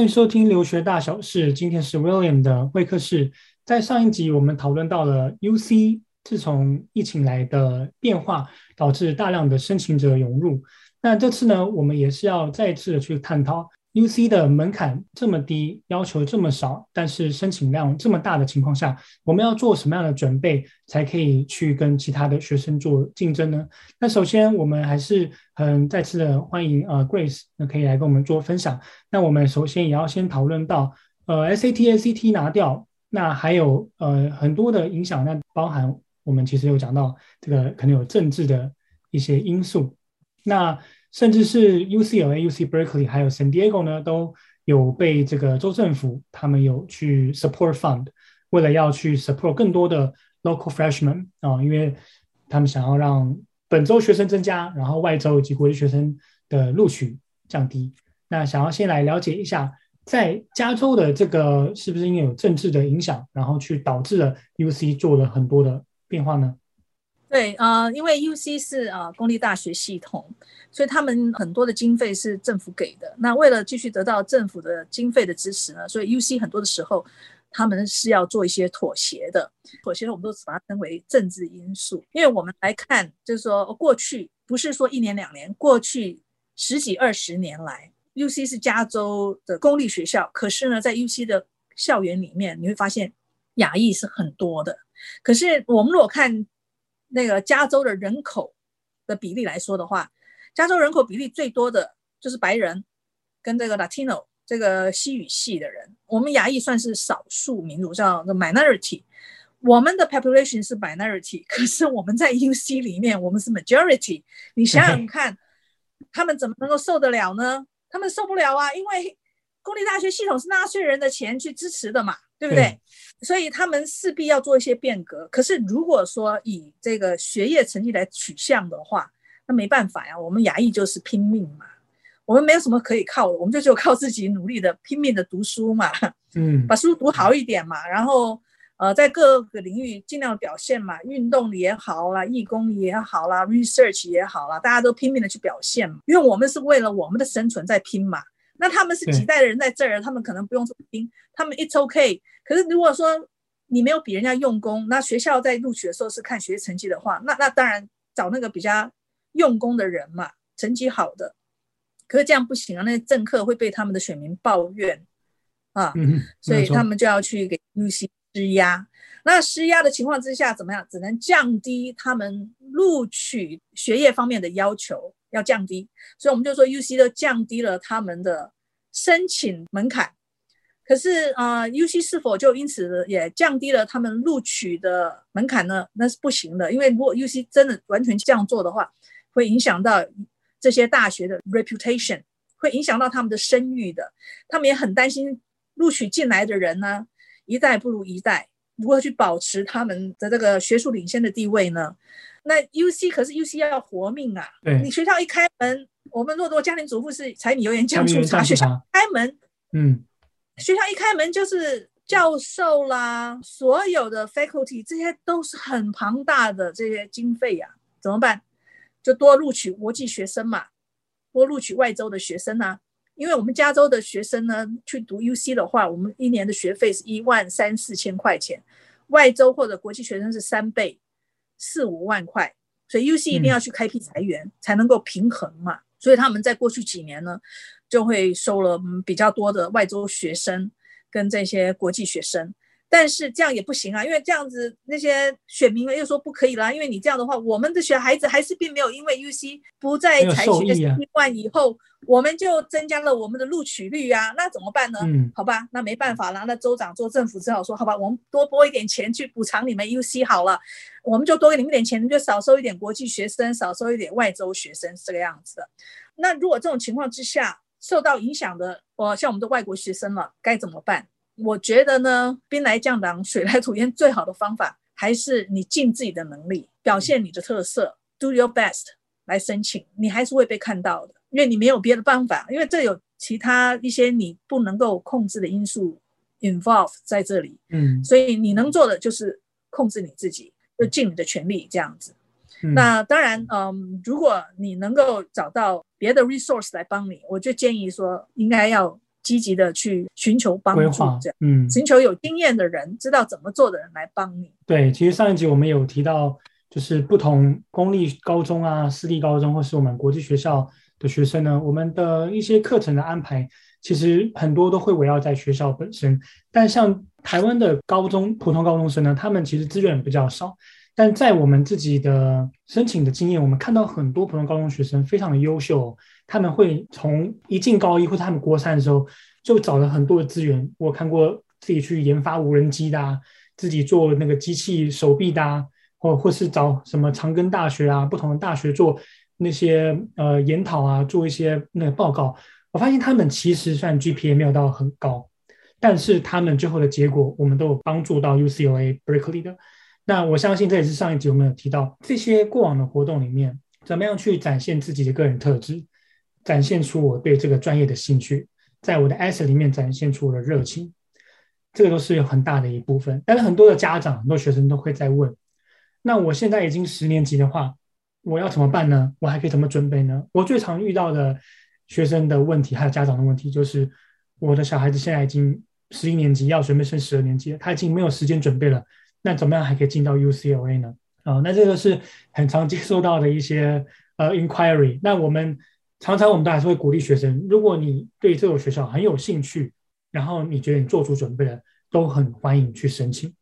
歡迎收聽留學大小事。今天是 William 的會客室。在上一集，我們討論到了 UC 自從疫情來的變化，導致大量的申請者湧入。那這次呢，我們也是要再次的去探討。UC 的門檻這麼低，要求這麼少，但是申請量這麼大的情況下，我們要做什麼樣的準備，才可以去跟其他的學生做競爭呢？那首先，我們還是很再次的歡迎呃 Grace 那可以來跟我們做分享。那我們首先也要先討論到呃 SAT、ACT 拿掉，那還有呃很多的影響，那包含我們其實有講到這個可能有政治的一些因素。那。甚至是 UCLA、UC Berkeley 還有 San Diego 呢，都有被這個州政府他們有去 support fund，為了要去 support 更多的 local freshmen 啊、呃，因為他們想要讓本州學生增加，然後外州以及國際學生的錄取降低。那想要先來了解一下，在加州的這個是不是因為有政治的影響，然後去導致了 UC 做了很多的變化呢？對，呃，因為 U C 是呃公立大學系統，所以他們很多的經費是政府給的。那為了繼續得到政府的經費的支持呢，所以 U C 很多的時候，他們是要做一些妥協的。妥協，我們都把它稱為政治因素。因為我們來看，就是說過去不是說一年兩年，過去十幾二十年來，U C 是加州的公立學校，可是呢，在 U C 的校園裡面，你會發現亞裔是很多的。可是我們如果看，那個加州的人口的比例來說的話，加州人口比例最多的就是白人，跟這個 Latino 這個西語系的人。我們亞裔算是少數民族，叫 minority。我們的 population 是 minority，可是我們在 UC 裡面我們是 majority。你想想看，嗯、哼他們怎麼能夠受得了呢？他們受不了啊，因為公立大學系統是納稅人的錢去支持的嘛。對不對？嗯、所以他們勢必要做一些變革。可是如果說以這個學業成績來取向的話，那沒辦法呀。我們亞裔就是拼命嘛，我們沒有什麼可以靠的，我們就只有靠自己努力的拼命的讀書嘛，嗯，把書讀好一點嘛。然後呃，在各個領域儘量表現嘛，運動也好啦，義工也好啦，research 也好啦，大家都拼命的去表現嘛，因為我們是為了我們的生存在拼嘛。那他們是幾代的人在這兒，對他們可能不用這麼拼他們 it's o、okay, k。可是如果說你沒有比人家用功，那學校在錄取的時候是看學習成績的話，那那當然找那個比較用功的人嘛，成績好的。可是這樣不行啊，那政客會被他們的選民抱怨啊，嗯、所以他們就要去給 UC 施壓。嗯、那，那施壓的情況之下怎麼樣？只能降低他們錄取學業方面的要求。要降低，所以我們就說 UC 都降低了他們的申請門檻。可是啊，呃，UC 是否就因此也降低了他們錄取的門檻呢？那是不行的，因為如果 UC 真的完全這樣做的話，會影響到這些大學的 reputation，會影響到他們的聲譽的。他們也很擔心錄取進來的人呢，一代不如一代，如何去保持他們的這個學術領先的地位呢？那 U C 可是 U C 要要活命啊，對！對，你學校一開門，我們諾多家庭主婦是柴米油鹽醬醋茶。明明學校一開門，嗯，嗯，學校一開門就是教授啦，所有的 faculty 這些都是很龐大的這些經費呀，啊，怎麼辦？就多錄取國際學生嘛，多錄取外州的學生呢，啊？因為我們加州的學生呢，去讀 U C 的話，我們一年的學費是一萬三四千塊錢，外州或者國際學生是三倍。四五萬塊，所以 UC 一定要去開闢財源，才能夠平衡嘛。嗯、所以他們在過去幾年呢，就會收了比較多的外州學生跟這些國際學生。但是這樣也不行啊，因為這樣子，那些選民們又說不可以了，因為你這樣的話，我們的小孩子還是並沒有因為 UC 不再採取這個替以後，啊、我們就增加了我們的錄取率呀、啊，那怎麼辦呢？嗯，好吧，那沒辦法了，那州長州政府只好說，好吧，我們多撥一點錢去補償你們 UC 好了，我們就多給你們點錢，你們就少收一點國際學生，少收一點外州學生這個樣子的。那如果這種情況之下受到影響的，哦、呃、像我們的外國學生了，該怎麼辦？我覺得呢，兵來將擋，水來土掩，最好的方法還是你盡自己的能力，表現你的特色，嗯、do your best 來申請，你還是會被看到的，因為你沒有別的辦法，因為這有其他一些你不能夠控制的因素 involve 在這裡，嗯，所以你能做的就是控制你自己，就盡你的全力這樣子。嗯、那當然，嗯，如果你能夠找到別的 resource 來幫你，我就建議說應該要。積極的去尋求幫助規劃，嗯，尋求有經驗的人，嗯、知道怎麼做的人來幫你。對，其實上一集我們有提到，就是不同公立高中啊、私立高中，或是我們國際學校的學生呢，我們的一些課程的安排，其實很多都會圍繞在學校本身。但像台灣的高中，普通高中生呢，他們其實資源比較少。但在我們自己的申請的經驗，我們看到很多普通高中學生非常的優秀，他們會從一進高一或者他們國三的時候就找了很多的資源。我看過自己去研發無人機的，啊，自己做那個機器手臂的，啊，或或是找什麼長庚大學啊，不同的大學做那些呃研討啊，做一些那個報告。我發現他們其實算 GPA 沒有到很高，但是他們最後的結果，我們都有幫助到 UCLA Berkeley 的。那我相信這也是上一集我們有提到，這些過往的活動裡面，怎麼樣去展現自己的個人特質，展現出我對這個專業的興趣，在我的 essay 裡面展現出我的熱情，這個都是有很大的一部分。但是很多的家長、很多學生都會在問，那我現在已經十年級的話，我要怎麼辦呢？我還可以怎麼準備呢？我最常遇到的學生的問題，還有家長的問題，就是我的小孩子現在已經十一年級，要準備升十二年級了，他已經沒有時間準備了。那怎麼樣還可以進到 UCLA 呢？啊、呃，那這個是很常接收到的一些呃 inquiry。In iry, 那我們常常我們都還是會鼓勵學生，如果你對這個學校很有興趣，然後你覺得你做出準備了，都很歡迎去申請。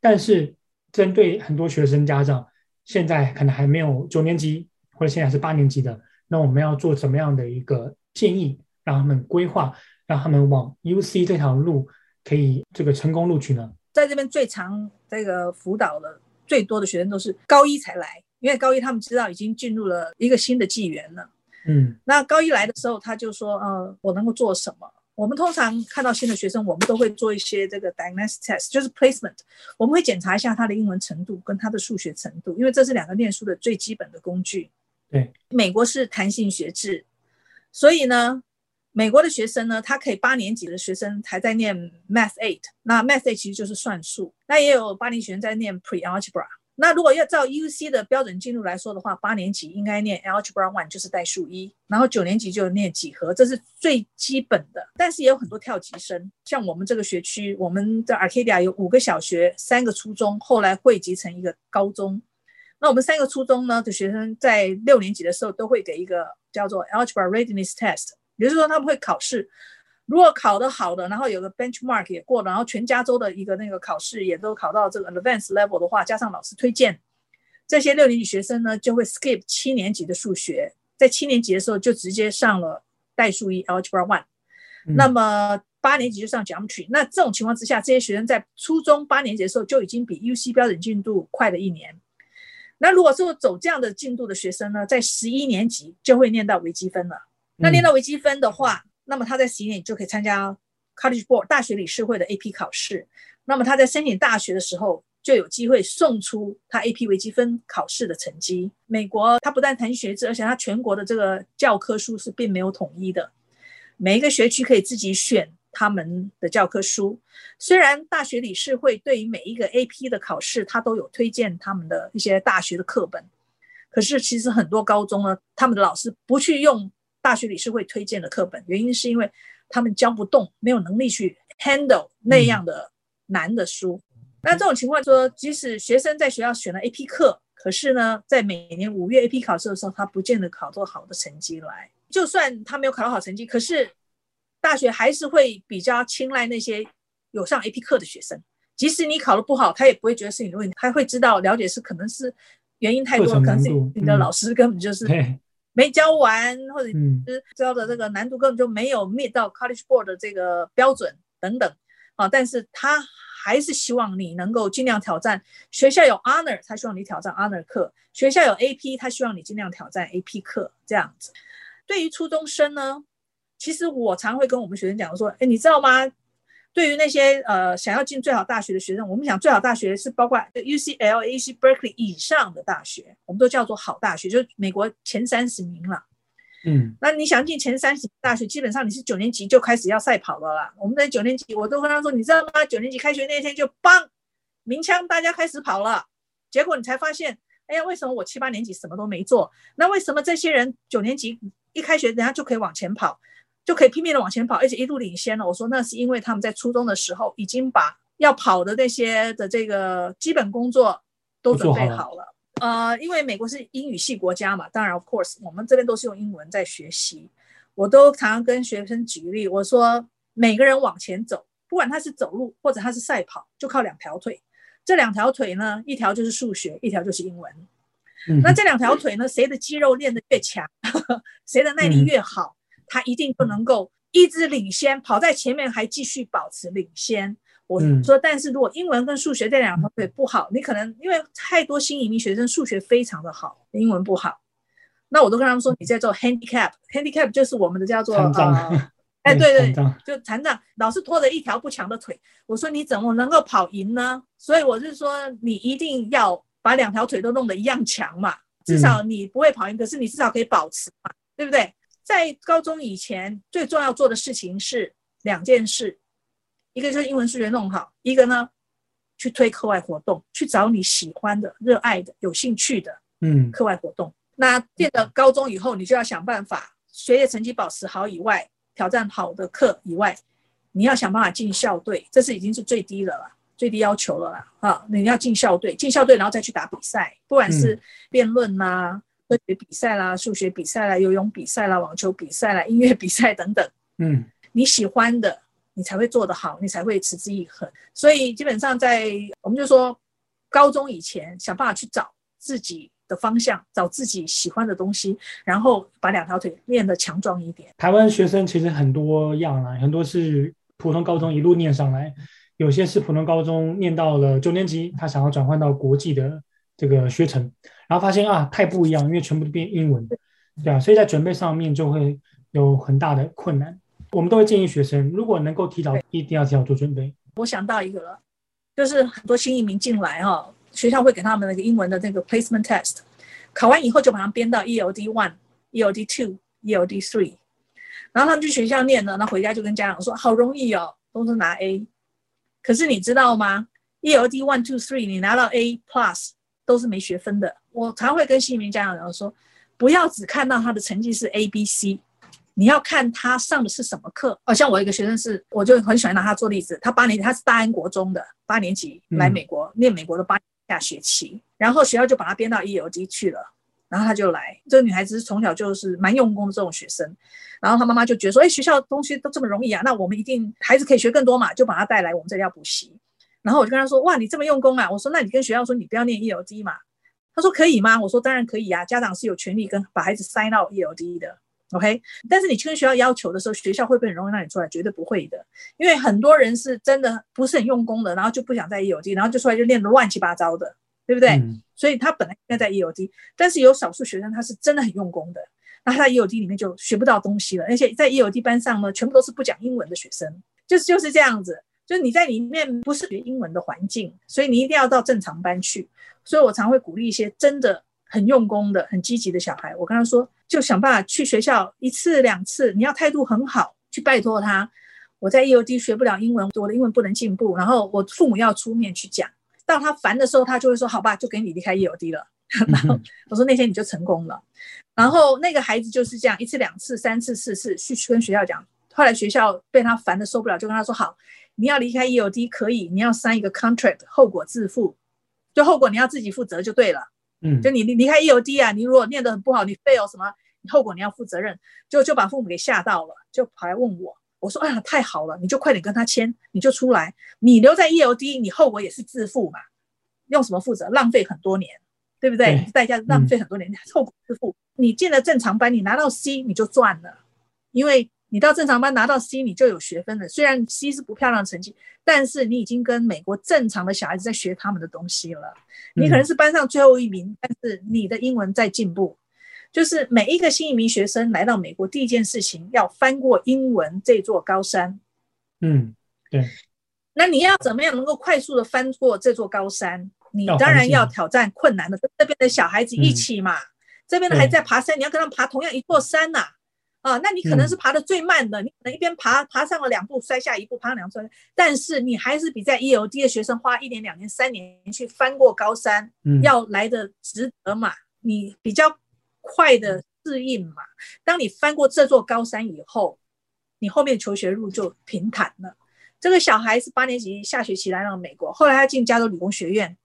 但是針對很多學生家長，現在可能還沒有九年級，或者現在是八年級的，那我們要做怎麼樣的一個建議，讓他們規劃，讓他們往 UC 這條路可以這個成功錄取呢？在這邊最常這個輔導的最多的學生都是高一才來，因為高一他們知道已經進入了一個新的紀元了。嗯，那高一來的時候，他就說：“呃，我能夠做什麼？”我們通常看到新的學生，我們都會做一些這個 diagnostic test，就是 placement，我們會檢查一下他的英文程度跟他的數學程度，因為這是兩個唸書的最基本的工具。對，美國是彈性學制，所以呢。美國的學生呢，他可以八年級的學生還在念 Math 8，那 Math 8其實就是算術。那也有八年級學生在念 Pre-Algebra。那如果要照 UC 的標準進度來說的話，八年級應該念 Algebra 1就是代數一，然後九年級就念幾何，這是最基本的。但是也有很多跳級生，像我們這個學區，我們的 Arcadia 有五個小學，三個初中，後來匯集成一個高中。那我們三個初中呢的學生在六年級的時候都會給一個叫做 Algebra Readiness Test。也就是說，他們會考試。如果考得好的，然後有個 benchmark 也過了，然後全加州的一個那個考試也都考到這個 advanced level 的話，加上老師推薦，這些六年級學生呢就會 skip 七年級的數學，在七年級的時候就直接上了代數一 Algebra One。那麼八年級就上 Geometry。那這種情況之下，這些學生在初中八年級的時候就已經比 UC 標準進度快了一年。那如果說走這樣的進度的學生呢，在十一年級就會念到微積分了。那念到微積分的話，嗯、那麼他在十年就可以參加 College Board 大學理事會的 AP 考試。那麼他在申請大學的時候，就有機會送出他 AP 微積分考試的成績。美國他不但談學制，而且他全國的這個教科書是並沒有統一的，每一個學區可以自己選他們的教科書。雖然大學理事會對於每一個 AP 的考試，他都有推薦他們的一些大學的課本，可是其實很多高中呢，他們的老師不去用。大學理事會推薦的課本，原因是因為他們教不動，沒有能力去 handle 那樣的難的書。嗯、那這種情況說，即使學生在學校選了 AP 課，可是呢，在每年五月 AP 考試的時候，他不見得考出好的成績來。就算他沒有考到好成績，可是大學還是會比較青睞那些有上 AP 課的學生。即使你考得不好，他也不會覺得是你的問題，他會知道了解是可能是原因太多，可能是你的老師根本就是、嗯。沒教完，或者教的這個難度根本就沒有 meet 到 College Board 的這個標準等等啊，但是他還是希望你能夠盡量挑戰。學校有 Honor，他希望你挑戰 Honor 課；學校有 AP，他希望你盡量挑戰 AP 課。這樣子，對於初中生呢，其實我常會跟我們學生講說：“哎，你知道嗎？”對於那些呃想要進最好大學的學生，我們想最好大學是包括 UCLA、UC Berkeley 以上的大學，我們都叫做好大學，就美國前三十名了。嗯，那你想進前三十大學，基本上你是九年級就開始要賽跑了啦。我們在九年級，我都跟他說，你知道嗎？九年級開學那天就邦，鳴槍，大家開始跑了。結果你才發現，哎呀，為什麼我七八年級什麼都沒做？那為什麼這些人九年級一開學，人家就可以往前跑？就可以拼命的往前跑，而且一路領先了。我說那是因為他們在初中的時候已經把要跑的那些的這個基本工作都準備好了。好了呃，因為美國是英語系國家嘛，當然 of course 我們這邊都是用英文在學習。我都常常跟學生舉例，我說每個人往前走，不管他是走路或者他是賽跑，就靠兩條腿。這兩條腿呢，一條就是數學，一條就是英文。嗯、那這兩條腿呢，誰的肌肉練得越強，誰的耐力越好。嗯他一定不能夠一直領先，跑在前面還繼續保持領先。我說，但是如果英文跟數學這兩條腿不好，嗯、你可能因為太多新移民學生數學非常的好，英文不好，那我都跟他們說，你在做 handicap，handicap、嗯、就是我們的叫做啊，哎對對，就殘障， 老是拖着一條不強的腿。我說你怎麼能夠跑贏呢？所以我是說，你一定要把兩條腿都弄得一樣強嘛，至少你不會跑贏，可是你至少可以保持嘛，對不對？在高中以前，最重要做的事情是兩件事，一個就是英文、數學弄好，一個呢，去推課外活動，去找你喜歡的、熱愛的、有興趣的，嗯，課外活動。嗯、那變得高中以後，你就要想辦法，學業成績保持好以外，挑戰好的課以外，你要想辦法進校隊，這是已經是最低了啦，最低要求了啦，啊，你要進校隊，進校隊然後再去打比賽，不管是辯論吶。科學比賽啦，數學比賽啦，游泳比賽啦，網球比賽啦，音樂比賽等等。嗯，你喜歡的，你才會做得好，你才會持之以恆。所以基本上在，我們就說，高中以前想辦法去找自己的方向，找自己喜歡的東西，然後把兩條腿練得強壯一點。台灣學生其實很多樣啊，很多是普通高中一路念上來，有些是普通高中念到了九年級，他想要轉換到國際的。這個學程，然後發現啊，太不一樣，因為全部都變英文，對、對啊，所以在準備上面就會有很大的困難。我們都會建議學生，如果能夠提早，對一定要提早做準備。我想到一個，就是很多新移民進來哈、哦，學校會給他們那個英文的那個 placement test，考完以後就把它編到 ELD one, ELD two, ELD three，然後他們去學校念呢，那回家就跟家長說好容易哦，都是拿 A，可是你知道嗎？ELD one, two, three，你拿到 A plus。都是沒學分的。我常會跟新移民家長然後說，不要只看到他的成績是 A、B、C，你要看他上的是什麼課。好、哦、像我一個學生是，我就很喜歡拿他做例子。他八年級他是大安國中的八年級來美國、嗯、念美國的八下學期，然後學校就把他編到 e o g 去了，然後他就來。這個女孩子從小就是蠻用功的這種學生，然後他媽媽就覺得說，哎、欸，學校的東西都這麼容易啊，那我們一定孩子可以學更多嘛，就把他帶來我們這裡要補習。然後我就跟他說：“哇，你這麼用功啊！”我說：“那你跟學校說你不要念 ELD 嘛？”他說：“可以嗎？”我說：“當然可以啊，家長是有權利跟把孩子塞到 ELD 的，OK。但是你去跟學校要求的時候，學校會不會很容易讓你出來？絕對不會的，因為很多人是真的不是很用功的，然後就不想在 ELD，然後就出來就念得亂七八糟的，對不對？嗯、所以他本來應該在 ELD，但是有少數學生他是真的很用功的，那他在 ELD 裡面就學不到東西了，而且在 ELD 班上呢，全部都是不講英文的學生，就是就是這樣子。”就是你在裡面不是學英文的環境，所以你一定要到正常班去。所以我常會鼓勵一些真的很用功的、很積極的小孩。我跟他說，就想辦法去學校一次、兩次，你要態度很好去拜托他。我在 ELD 學不了英文，我的英文不能進步。然後我父母要出面去講，到他煩的時候，他就會說：“好吧，就給你離開 ELD 了。 ”然後我說：“那天你就成功了。”然後那個孩子就是這樣，一次、兩次、三次、四次去跟學校講。後來學校被他煩得受不了，就跟他說：“好。”你要離開 ELD 可以，你要 sign 一個 contract，後果自負，就後果你要自己負責就對了。嗯，就你離離開 ELD 啊，你如果念得很不好，你 fail 什麼，你後果你要負責任，就就把父母給嚇到了，就跑來問我，我說哎呀，太好了，你就快點跟他簽，你就出來，你留在 ELD 你後果也是自負嘛，用什麼負責？浪費很多年，對不對？對代價浪費很多年，嗯、後果自負。你進了正常班，你拿到 C 你就賺了，因為。你到正常班拿到 C，你就有學分了。雖然 C 是不漂亮的成績，但是你已經跟美國正常的小孩子在學他們的東西了。嗯、你可能是班上最後一名，但是你的英文在進步。就是每一個新移民學生來到美國，第一件事情要翻過英文這座高山。嗯，對。那你要怎麼樣能夠快速的翻過這座高山？你當然要挑戰困難的、啊、跟這邊的小孩子一起嘛。嗯、這邊的孩子在爬山，欸、你要跟他們爬同樣一座山吶、啊。啊，那你可能是爬得最慢的，嗯、你可能一邊爬爬上了兩步，摔下一步，爬上兩步，但是你還是比在 ELD 的學生花一年、兩年、三年去翻過高山，嗯、要來得值得嘛？你比較快的適應嘛？當你翻過這座高山以後，你後面求學路就平坦了。這個小孩是八年級下學期來到美國，後來他進加州理工學院。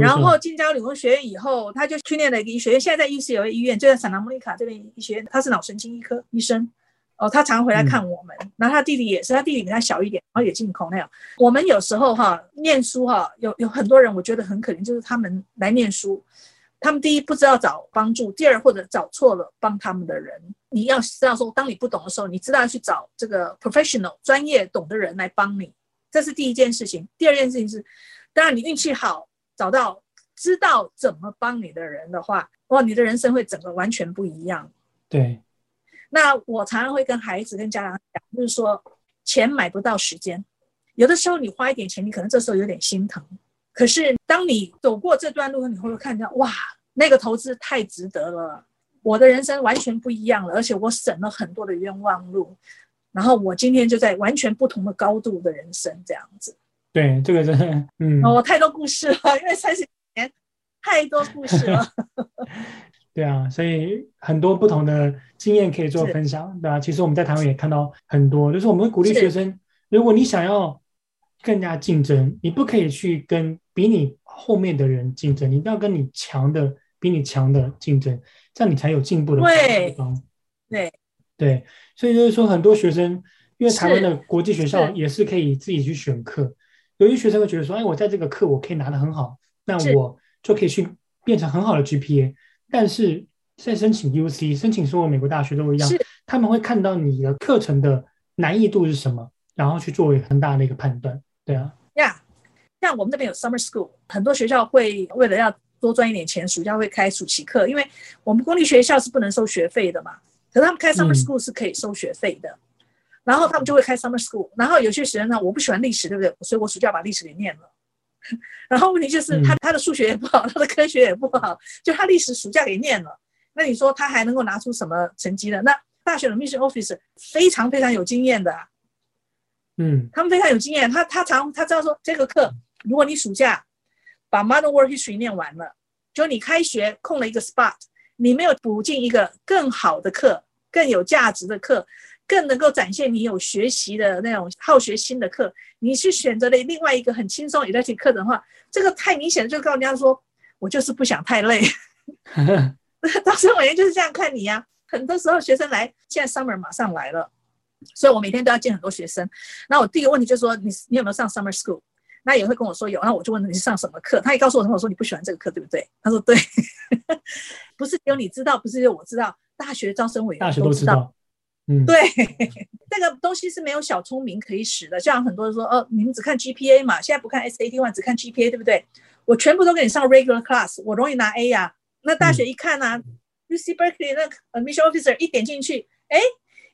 然後進交理工學院以後，他就去念了一個醫學院。現在在瑞士有一個醫院，就在聖塔莫尼卡這邊醫學院，他是腦神經醫科醫生。哦，他常回來看我們，然後他弟弟也是，他弟弟比他小一點，然後也進康乃爾。我們有時候哈、啊、念書哈、啊，有有很多人我覺得很可憐，就是他們來念書，他們第一不知道找幫助，第二或者找錯了幫他們的人。你要知道說，當你不懂的時候，你知道去找這個 professional 專業懂的人來幫你，這是第一件事情。第二件事情是，當然你運氣好。找到知道怎麼幫你的人的話，哇，你的人生會整個完全不一樣。對，那我常常會跟孩子、跟家長講，就是說，錢買不到時間。有的時候你花一點錢，你可能這時候有點心疼。可是當你走過這段路，你會會看到，哇，那個投資太值得了，我的人生完全不一樣了，而且我省了很多的冤枉路。然後我今天就在完全不同的高度的人生這樣子。對，這個真的。嗯，我、哦、太多故事了，因為三十年太多故事了。 對啊，所以很多不同的經驗可以做分享，是 對吧、啊？其實我們在台灣也看到很多，就是我們鼓勵學生，如果你想要更加競爭，你不可以去跟比你後面的人競爭，你一定要跟你強的、比你強的競爭，這樣你才有進步的地方。對對，所以就是說，很多學生因為台灣的國際學校也是可以自己去選課。是 有一些學生會覺得說，哎，我在這個課我可以拿得很好，那我就可以去變成很好的 GPA。但是，在申請 UC、申請所有美國大學都一樣，他們會看到你的課程的難易度是什麼，然後去做一個很大的一個判斷。對啊，呀，像我們那邊有 summer school，很多學校會為了要多賺一點錢，暑假會開暑期課，因為我們公立學校是不能收學費的嘛，可是他們開 summer school 是可以收學費的。然後他們就會開 summer school，然後有些學生呢，我不喜歡歷史，對不對？所以我暑假把歷史給念了。然後問題就是他他的數學也不好，他的科學也不好，就他歷史暑假給念了。那你說他還能夠拿出什麼成績呢？那大學的 mission office 非常非常有經驗的，嗯，他們非常有經驗。他他常常他知道說：這個課如果你暑假把 modern world history 念完了，就你開學空了一個 spot，你沒有補進一個更好的課，更有價值的課。更能夠展現你有學習的那種好學心的課，你去選擇了另外一個很輕鬆、也在聽課程的話，這個太明顯，就告訴人家說，我就是不想太累。招 生委員就是這樣看你呀、啊。很多時候學生來，現在 summer 馬上來了，所以我每天都要見很多學生。那我第一個問題就是說，你你有沒有上 summer school？那也會跟我說有，那我就問你上什麼課，他也告訴我，我說你不喜歡這個課，對不對？他說對， 不是只有你知道，不是只有我知道，大學招生委員大學都知道。對嗯，對，這個東西是沒有小聰明可以使的。像很多人說，哦，你們只看 GPA 嘛，現在不看 SAT one，只看 GPA，對不對？我全部都給你上 regular class，我容易拿 A 呀、啊。那大學一看吶、啊嗯、，UC Berkeley 那 admission officer 一點進去，哎，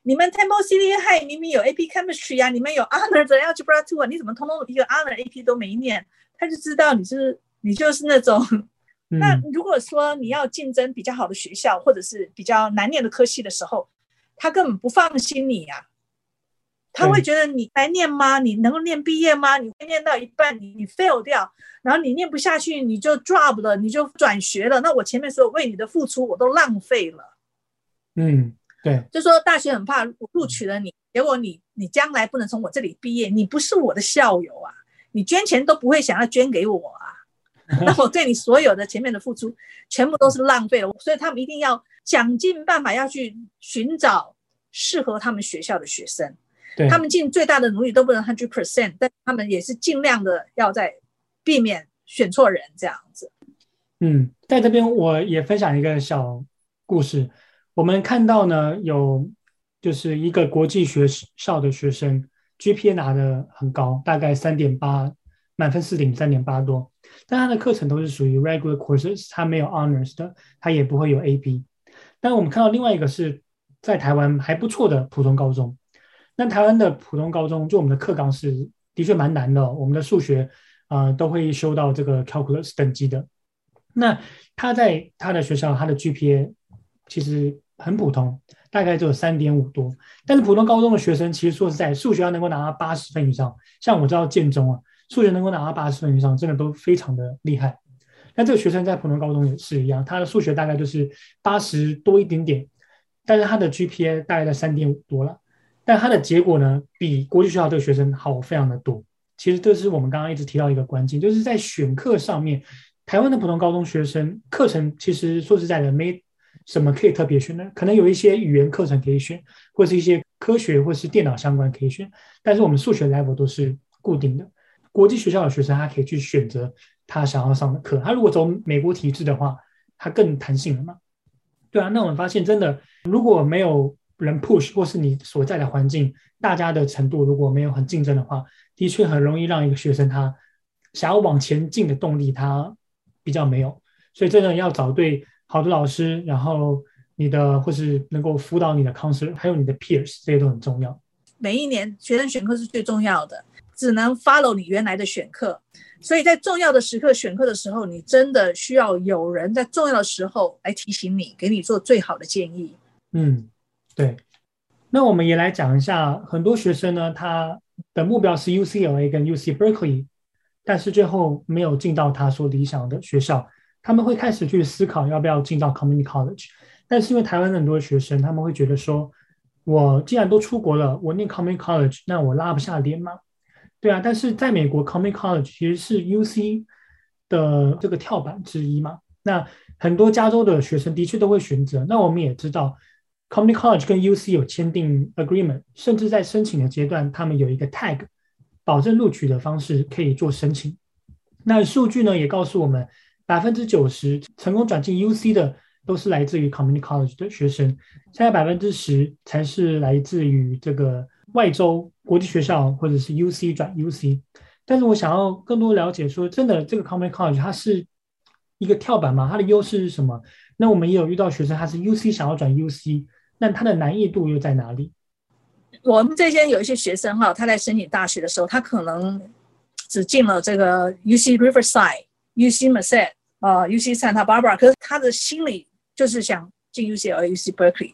你們 Temple City High 明明有 AP Chemistry 呀、啊，你們有 Honors Algebra Two 啊，你怎麼通通一個 Honors AP 都沒念？他就知道你是你就是那種。嗯、 那如果說你要競爭比較好的學校，或者是比較難念的科系的時候。他根本不放心你呀、啊，他會覺得你來念嗎？對 你能夠念畢業嗎？你會念到一半，你你 fail 掉，然後你念不下去，你就 drop 了，你就轉學了。那我前面所有為你的付出，我都浪費了。嗯，對，就說大學很怕我錄取了你，結果你你將來不能從我這裡畢業，你不是我的校友啊，你捐錢都不會想要捐給我啊，那我對你所有的前面的付出，全部都是浪費了。所以他們一定要。想盡辦法要去尋找適合他們學校的學生，對他們盡最大的努力都不能 hundred percent，但他們也是儘量的要在避免選錯人這樣子。嗯，在這邊我也分享一個小故事，我們看到呢有就是一個國際學校的學生，GPA 拿的很高，大概三點八，滿分四點，三點八多，但他的課程都是屬於 regular courses，他沒有 honors 的，他也不會有 AP。但我們看到另外一個是在台灣還不錯的普通高中，那台灣的普通高中，就我們的課綱是的確蠻難的、哦，我們的數學啊、呃、都會修到這個 calculus 等級的。那他在他的學校，他的 GPA 其實很普通，大概只有三點五多。但是普通高中的學生，其實說實在，數學要能夠拿到八十分以上，像我知道建中啊，數學能夠拿到八十分以上，真的都非常的厲害。那這個學生在普通高中也是一樣，他的數學大概就是八十多一點點，但是他的 GPA 大概在三點五多了，但他的結果呢，比國際學校的這個學生好非常的多。其實這是我們剛剛一直提到一個關鍵，就是在選課上面，台灣的普通高中學生課程其實說實在的沒什麼可以特別選的，可能有一些語言課程可以選，或是一些科學或是電腦相關可以選，但是我們數學 level 都是固定的。國際學校的學生他可以去選擇。他想要上的課，他如果走美國體制的話，他更彈性了嘛。對啊，那我們發現真的，如果沒有人 push，或是你所在的環境，大家的程度如果沒有很競爭的話，的確很容易讓一個學生他想要往前進的動力他比較沒有。所以真的要找對好的老師，然後你的或是能夠輔導你的 counselor，還有你的 peers，這些都很重要。每一年學生選課是最重要的。只能 follow 你原來的選課，所以在重要的時刻選課的時候，你真的需要有人在重要的時候來提醒你，給你做最好的建議。嗯，對。那我們也來講一下，很多學生呢，他的目標是 UCLA 跟 UC Berkeley，但是最後沒有進到他所理想的學校，他們會開始去思考要不要進到 Community College。但是因為台灣很多的學生，他們會覺得說，我既然都出國了，我念 Community College，那我拉不下臉嗎？對啊，但是在美國，Community College 其實是 UC 的這個跳板之一嘛。那很多加州的學生的確都會選擇。那我們也知道，Community College 跟 UC 有簽訂 Agreement，甚至在申請的階段，他們有一個 Tag，保證錄取的方式可以做申請。那數據呢也告訴我們90，百分之九十成功轉進 UC 的都是來自於 Community College 的學生，現在百分之十才是來自於這個外州。國際學校或者是 UC 轉 UC，但是我想要更多了解說，真的這個 Community College 它是一個跳板嘛，它的優勢是什麼？那我們也有遇到學生，他是 UC 想要轉 UC，那它的難易度又在哪裡？我們這邊有一些學生哈，他在申請大學的時候，他可能只進了這個 UC Riverside、UC Merced 啊、呃、UC Santa Barbara，可是他的心裡就是想進 UCLA or UC Berkeley。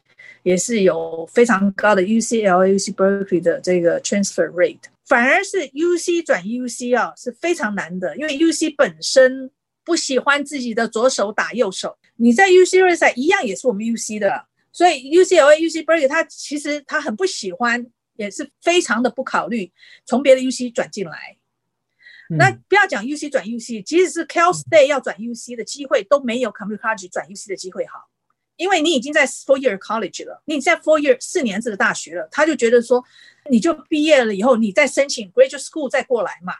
也是有非常高的 UCLA、UC Berkeley 的這個 transfer rate，反而是 UC 轉 UC 啊是非常難的，因為 UC 本身不喜歡自己的左手打右手，你在 UC Riverside 一樣也是我們 UC 的，所以 UCLA、UC Berkeley 他其實他很不喜歡，也是非常的不考慮從別的 UC 轉進來。嗯、那不要講 UC 轉 UC，即使是 Cal State 要轉 UC 的機會都沒有 Community College 轉 UC 的機會好。因為你已經在 four year college 了，你已經在 four year 四年制的大學了，他就覺得說，你就畢業了以後，你再申請 graduate school 再過來嘛，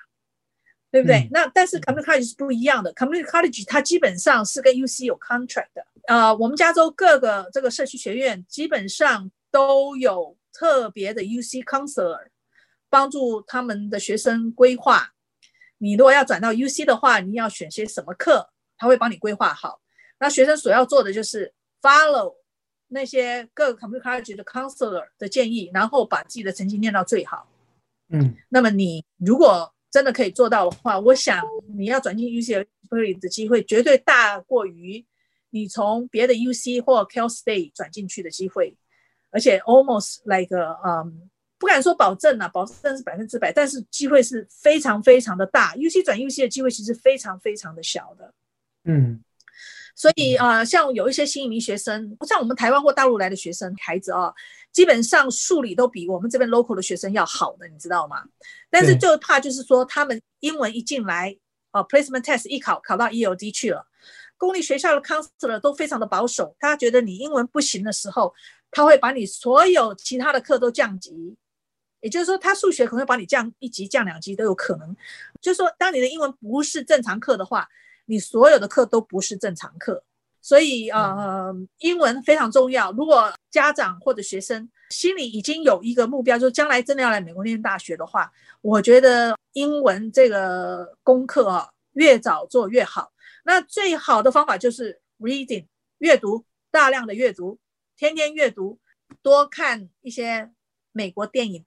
對不對？嗯。那但是 community college 是不一樣的，community college 它基本上是跟 UC 有 contract 的。呃，我們加州各個這個社區學院基本上都有特別的 UC counselor，幫助他們的學生規劃。你如果要轉到 UC 的話，你要選些什麼課，他會幫你規劃好。那學生所要做的就是。follow 那些各個 community college 的 counselor 的建議，然後把自己的成績練到最好。嗯，那麼你如果真的可以做到的話，我想你要轉進 UC 的，的機會絕對大過於你從別的 UC 或 Cal State 轉進去的機會，而且 almost like 嗯、um,，不敢說保證啊，保證是百分之百，但是機會是非常非常的大。UC 轉 UC 的機會其實是非常非常的小的。嗯。所以啊、呃，像有一些新移民學生，不像我們台灣或大陸來的學生孩子啊、哦，基本上數理都比我們這邊 local 的學生要好的，你知道嗎？但是就怕就是說他們英文一進來，哦、呃、，placement test 一考考到 ELD 去了，公立學校的 counselor 都非常的保守，他覺得你英文不行的時候，他會把你所有其他的課都降級，也就是說他數學可能會把你降一級、降兩級都有可能，就是說當你的英文不是正常課的話。你所有的課都不是正常課，所以呃、啊，嗯、英文非常重要。如果家長或者學生心裡已經有一個目標，就將來真的要來美國念大學的話，我覺得英文這個功課啊，越早做越好。那最好的方法就是 reading 閱讀，大量的閱讀，天天閱讀，多看一些美國電影，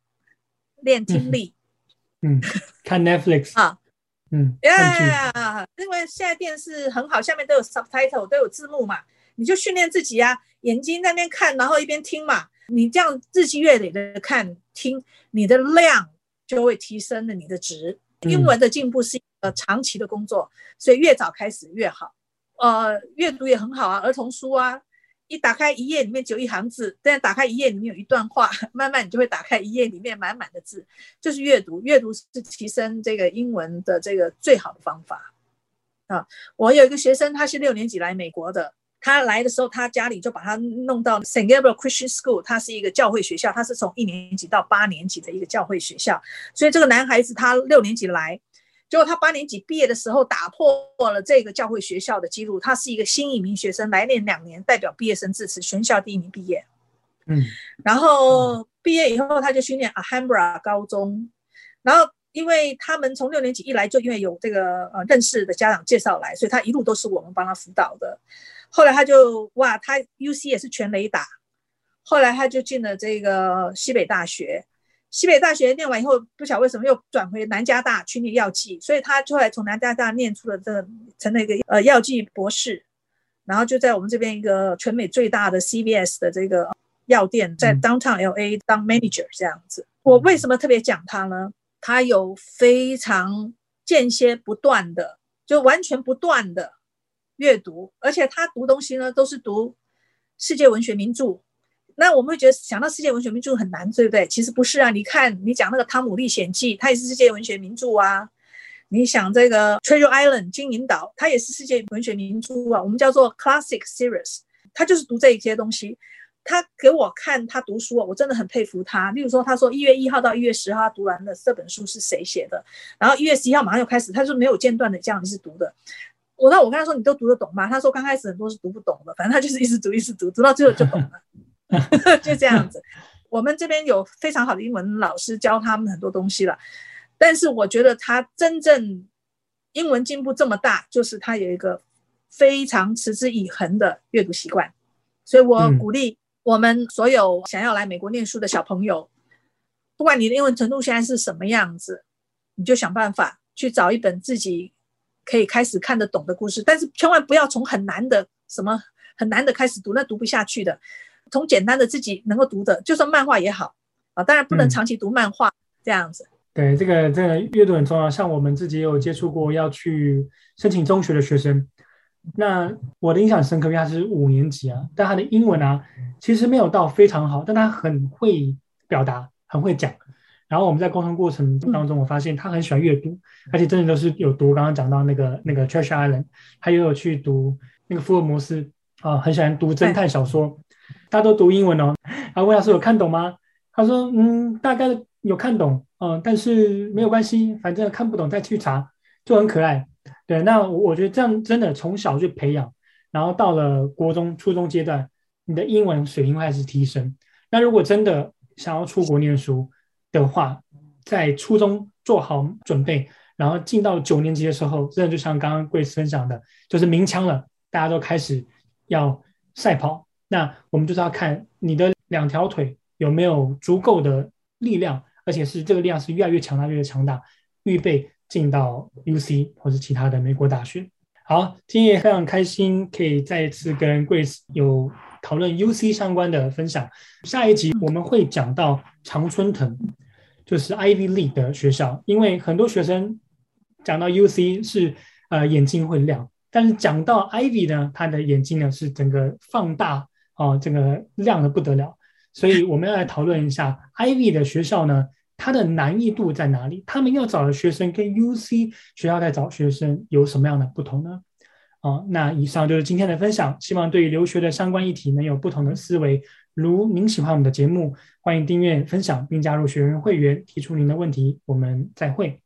練聽力。嗯，嗯，看 Netflix。 啊。嗯呀，yeah，嗯，因為現在電視很好，下面都有 subtitle，都有字幕嘛，你就訓練自己啊，眼睛在那邊看，然後一邊聽嘛，你這樣日積月累的看聽，你的量就會提升了，你的值。嗯、英文的進步是一個長期的工作，所以越早開始越好。呃，閱讀也很好啊，兒童書啊。一打開一頁裡面就一行字，但打開一頁裡面有一段話，慢慢你就會打開一頁裡面滿滿的字，就是閱讀。閱讀是提升這個英文的這個最好的方法啊！我有一個學生，他是六年級來美國的，他來的時候，他家裡就把他弄到 St. Gabriel Christian School，他是一個教會學校，他是從一年級到八年級的一個教會學校，所以這個男孩子他六年級來。結果他八年級畢業的時候打破了這個教會學校的記錄。他是一個新移民學生，來念兩年，代表畢業生致辭，全校第一名畢業。嗯，然後畢業以後他就訓練阿罕布拉高中，然後因為他們從六年級一來就因為有這個呃認識的家長介紹來，所以他一路都是我們幫他輔導的。後來他就哇，他 UC 也是全壘打，後來他就進了這個西北大學。西北大學念完以後，不曉得為什麼又轉回南加大去念藥劑，所以他後來從南加大念出了這個，成了一個呃藥劑博士，然後就在我們這邊一個全美最大的 CVS 的這個藥店，在 Downtown L A 當 manager 這樣子。我為什麼特別講他呢？他有非常間歇不斷的，就完全不斷的閱讀，而且他讀東西呢，都是讀世界文學名著。那我們會覺得想到世界文學名著很難，對不對？其實不是啊！你看，你講那個《湯姆歷險記》，它也是世界文學名著啊。你想這個《Treasure Island》《金銀島》，它也是世界文學名著啊。我們叫做 Classic Series，他就是讀這一些東西。他給我看他讀書，啊，我真的很佩服他。例如說，他說一月一號到一月十號他讀完了這本書是誰寫的，然後一月十一號馬上又開始，他就沒有間斷的這樣一直讀的。我那我跟他說，你都讀得懂嗎？他說剛開始很多是讀不懂的，反正他就是一直讀一直讀，讀到最後就懂了。 就這樣子，我們這邊有非常好的英文老師教他們很多東西了。但是我覺得他真正英文進步這麼大，就是他有一個非常持之以恆的閱讀習慣。所以我鼓勵我們所有想要來美國念書的小朋友，不管你的英文程度現在是什麼樣子，你就想辦法去找一本自己可以開始看得懂的故事。但是千萬不要從很難的什麼很難的開始讀，那讀不下去的。從簡單的自己能夠讀的，就算漫畫也好啊，當然不能長期讀漫畫這樣子。對，這個這個閱讀很重要。像我們自己也有接觸過要去申請中學的學生，那我的印象很深刻，因為他是五年級啊，但他的英文啊其實沒有到非常好，但他很會表達，很會講。然後我們在溝通過程當中，我發現他很喜歡閱讀，而且真的都是有讀。剛剛講到那個那個《Treasure Island》，他也有去讀那個《福爾摩斯》啊，呃，很喜歡讀偵探小說。嗯他都讀英文哦，然後問他說有看懂嗎？他說：“嗯，大概有看懂，嗯，但是沒有關係，反正看不懂再去查，就很可愛。”對，那我覺得這樣真的從小就培養，然後到了國中、初中階段，你的英文水平會開始提升。那如果真的想要出國念書的話，在初中做好準備，然後進到九年級的時候，真的就像剛剛 Grace 分享的，就是鳴槍了，大家都開始要賽跑。那我們就是要看你的兩條腿有沒有足夠的力量，而且是這個力量是越來越強大、越來越強大，預備進到 UC 或是其他的美國大學。好，今天也非常開心可以再一次跟 Grace 有討論 UC 相關的分享。下一集我們會講到常春藤，就是 Ivy League 的學校，因為很多學生講到 UC 是呃眼睛會亮，但是講到 Ivy 呢，他的眼睛呢是整個放大。啊、哦，這個亮的不得了，所以我們要來討論一下 Ivy 的學校呢，它的難易度在哪裡？他們要找的學生跟 UC 學校在找學生有什麼樣的不同呢？啊、哦，那以上就是今天的分享，希望對於留學的相關議題能有不同的思維。如您喜歡我們的節目，歡迎訂閱、分享並加入學員會員，提出您的問題，我們再會。